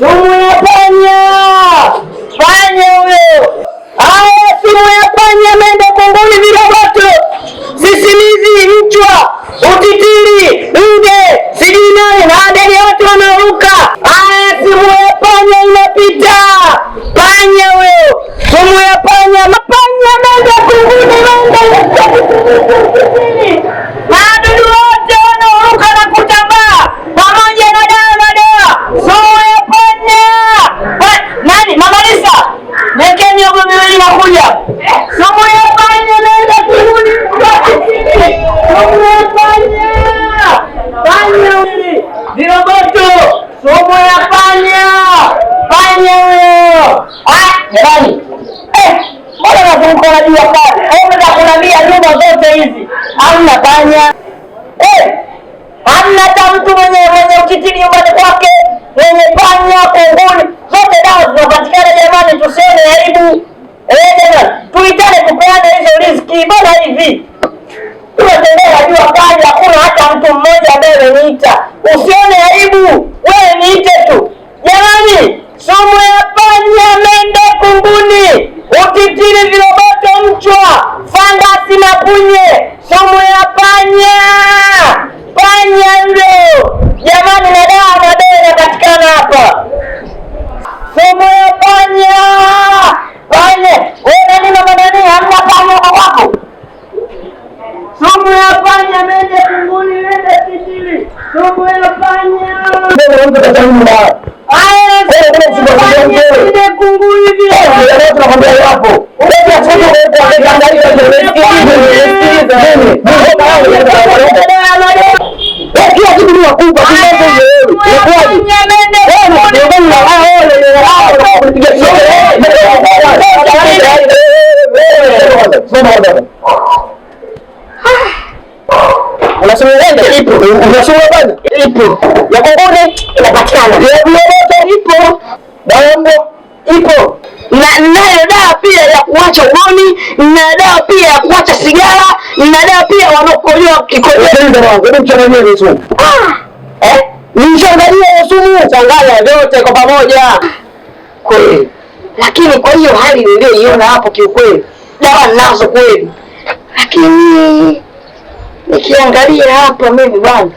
Como é kuja tumuyafanye, fanya viroboto, tumuyafanya, fanya ah, jamani. Eh, mbona nazunguka na jua kali? Eh, Unaweza zote hizi, hamna fanya, eh, hamna hata mtu mwenye wakaja, hakuna hata mtu mmoja ambaye ameniita. Usione aibu. meja tunguni nenda kitili tumbo yafanya kila kitu ni unasema uende, ipo. Unasema ipo. Na ninayo dawa pia ya kuacha ugoni, ninayo dawa pia ya kuacha sigara, ninayo dawa pia wanaokojoa kikojoa. Ndio wangu, ndio Ah. Eh? sumu. Changanya vyote kwa pamoja. Kweli. Lakini kwa hiyo hali niliyoiona hapo kiukweli, dawa ninazo kweli. Lakini nikiangalia hapa mimi bwana